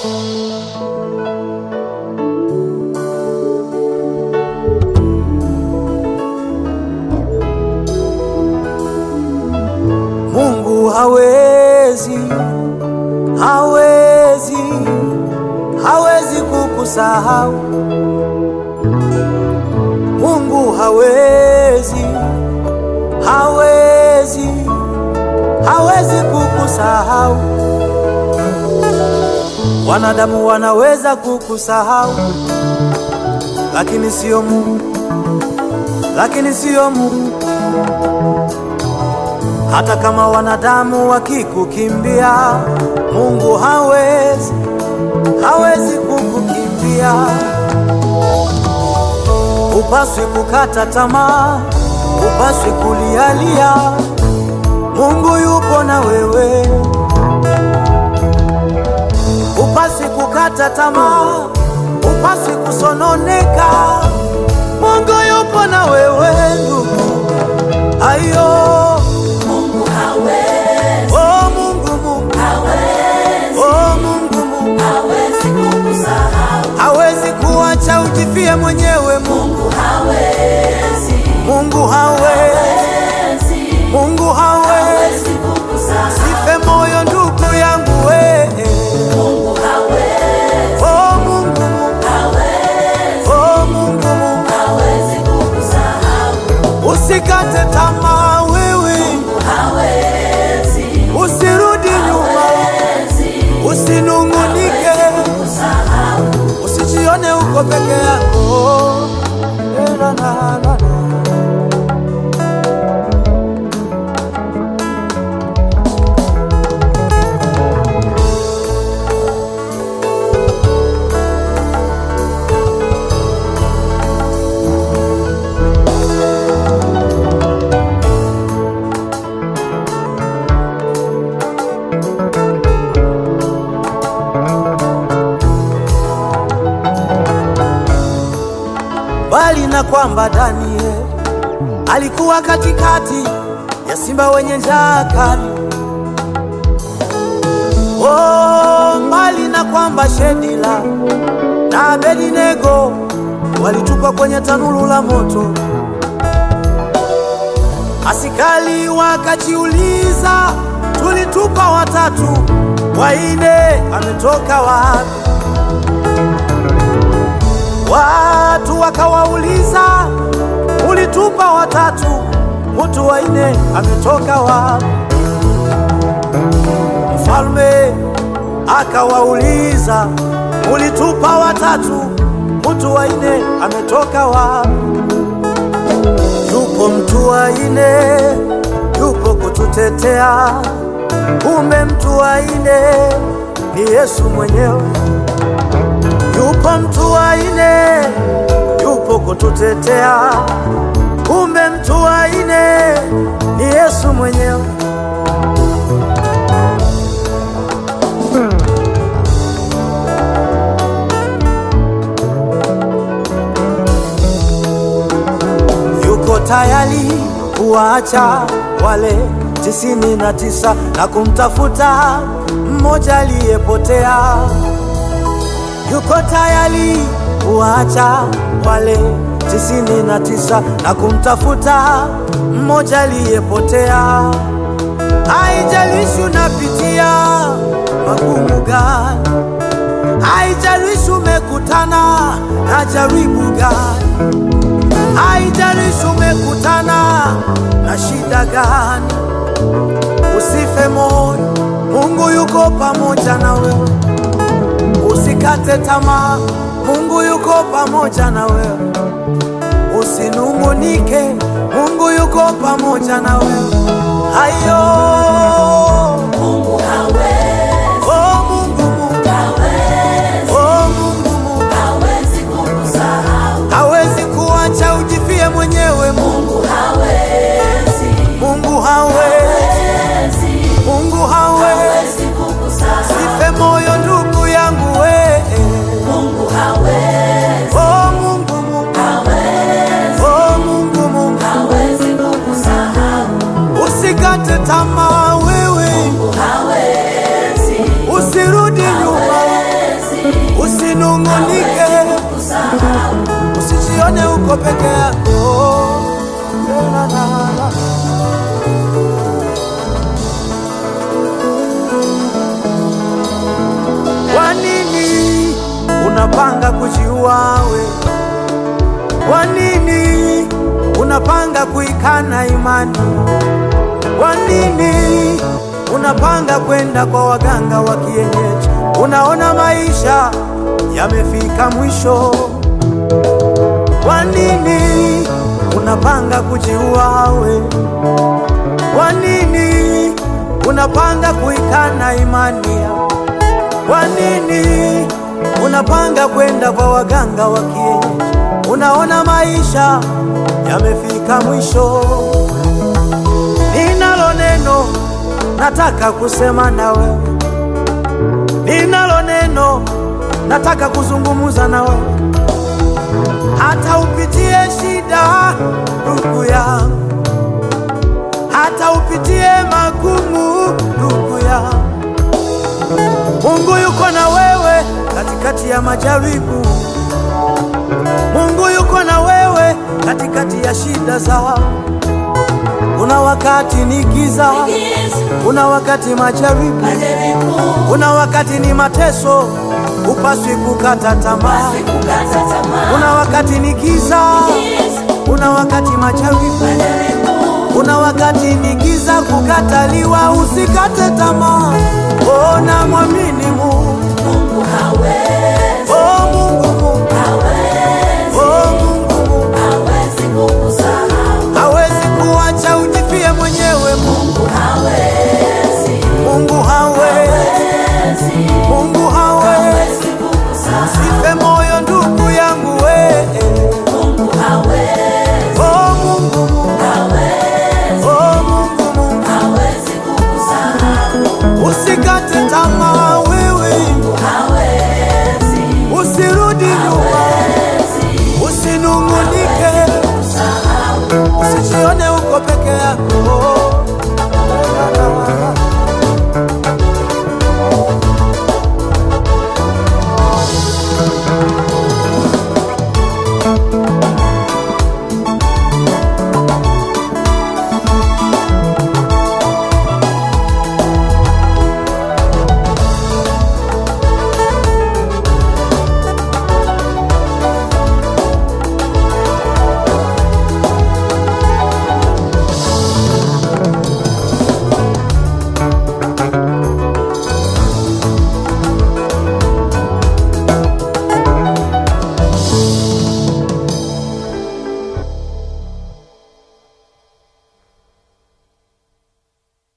Mungu hawezi, hawezi, hawezi kukusahau. Mungu hawezi, hawezi, hawezi kukusahau. Wanadamu wanaweza kukusahau, lakini sio Mungu, lakini sio Mungu. Hata kama wanadamu wakikukimbia, Mungu hawezi, hawezi kukukimbia. Upaswi kukata tamaa, upaswi kulialia. Mungu yupo na wewe. kusononeka. Mungu yupo na wewe ndugu, ayo Mungu hawezi. Mungu hawezi. Mungu hawezi, Mungu hawezi, Mungu kopekeako erana tunaona kwamba Daniel alikuwa katikati ya simba wenye njaa kali. Oh, mbali na kwamba Shedila na Abednego walitupwa kwenye tanuru la moto, asikali wakajiuliza, tulitupa watatu, waine ametoka wapi? waine ametoka wapi? Mfalme akawauliza, mulitupa watatu, mtu waine ametoka wapi? Yupo mtu waine, yupo kututetea, kumbe mtu waine ni Yesu mwenyewe. Yupo mtu waine, yupo kututetea mwenyewe hmm. Yuko tayari kuacha wale tisini na tisa na kumtafuta mmoja aliyepotea. Yuko tayari kuacha wale tisini na tisa na kumtafuta mmoja aliyepotea. Haijalishi unapitia magumu gani, haijalishi umekutana na jaribu gani, haijalishi umekutana na shida gani, usife moyo, Mungu yuko pamoja na wewe. Usikate tamaa, Mungu yuko pamoja na wewe usihangaike, Mungu yuko pamoja na wewe. Hayo peke yako Kwa nini unapanga kujiua we? Kwa nini unapanga kuikana imani? Kwa nini unapanga kwenda kwa waganga wa kienyeji? Unaona maisha yamefika mwisho. Kwa nini unapanga kujiua we? Kwa nini unapanga kuikana imani ya? Kwa nini unapanga kwenda kwa waganga wa kienyeji? Unaona maisha yamefika mwisho. Ninalo neno nataka kusema na wewe, ninalo neno nataka kuzungumza na wewe hata upitie shida ndugu yangu, hata upitie magumu ndugu yangu, Mungu yuko na wewe katikati ya majaribu. Mungu yuko na wewe katikati ya shida zao. Kuna wakati ni giza, kuna wakati majaribu, kuna wakati ni mateso upaswi kukata tamaa. Kuna wakati ni giza, kuna wakati machawi, kuna wakati ni giza, kukataliwa. Usikate tamaa, ona mwamini Mungu, Mungu hawe